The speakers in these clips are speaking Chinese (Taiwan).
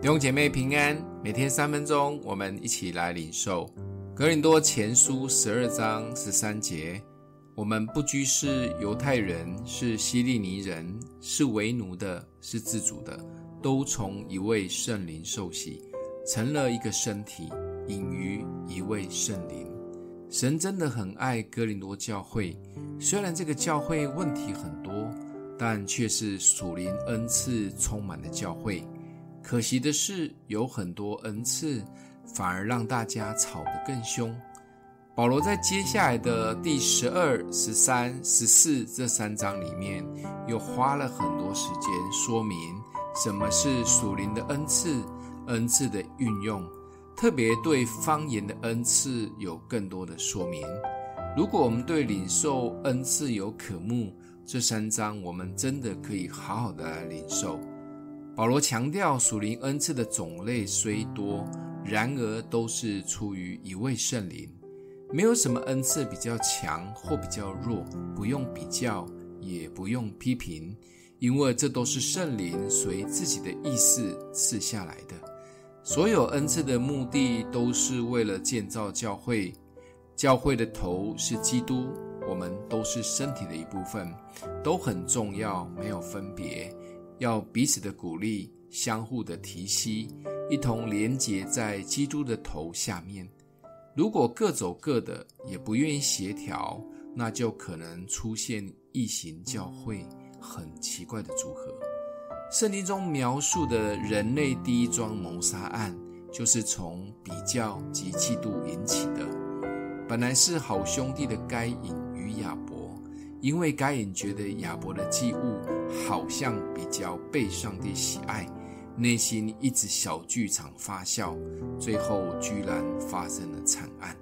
弟兄姐妹平安，每天三分鐘，我們一起來領受哥林多前書十二章十三節。我們不拘是猶太人，是希利尼人，是為奴的，是自主的，都從一位聖靈受洗，成了一個身體，飲於一位聖靈。神真的很愛哥林多教會，雖然這個教會問題很多，但卻是屬靈恩賜充滿的教會。可惜的是，有很多恩賜，反而讓大家吵得更兇。保羅在接下來的第十二、十三、十四這三章裡面，又花了很多時間說明什麼是屬靈的恩賜，恩賜的運用，特別對方言的恩賜有更多的說明。如果我們對領受恩賜有渴慕，這三章我們真的可以好好的來領受。保羅強調，屬靈恩賜的種類雖多，然而都是出於一位聖靈，沒有什麼恩賜比較強或比較弱，不用比較，也不用批評，因為這都是聖靈隨自己的意思賜下來的。所有恩賜的目的都是為了建造教會，教會的頭是基督，我們都是身體的一部分，都很重要，沒有分別。要彼此的鼓勵，相互的提攜，一同連結在基督的頭下面。如果各走各的，也不願意協調，那就可能出現異形教會，很奇怪的組合。聖經中描述的人類第一樁謀殺案，就是從比較及嫉妒引起的。本來是好兄弟的該隱與亞伯，因為該隱覺得亞伯的祭物。好像比較被上帝喜愛，內心一直小劇場發酵，最後居然發生了慘案。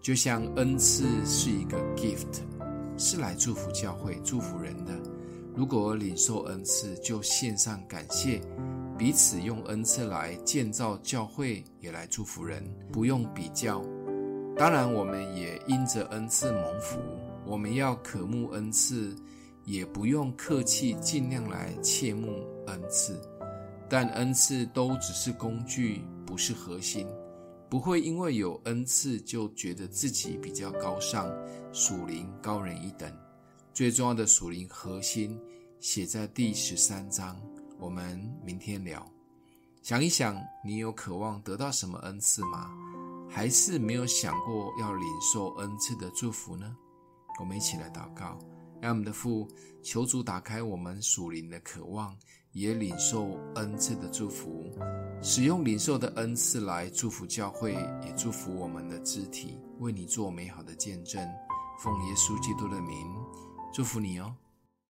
就像恩賜是一個 gift，是來祝福教會、祝福人的。如果領受恩賜，就獻上感謝，彼此用恩賜來建造教會，也來祝福人。不用比較。當然，我們也因着恩賜蒙福。我們要渴慕恩賜。也不用客氣，盡量來切慕恩賜，但恩賜都只是工具，不是核心。不會因爲有恩賜就覺得自己比較高尚、屬靈高人一等。最重要的屬靈核心寫在第十三章，我們明天聊。想一想，你有渴望得到什麼恩賜嗎？還是沒有想過要領受恩賜的祝福呢？我們一起來禱告。愛我們的父，求主打開我們屬靈的渴望，也領受恩賜的祝福，使用領受的恩賜來祝福教會，也祝福我們的肢體，為你做美好的見證。奉耶穌基督的名，祝福你哦。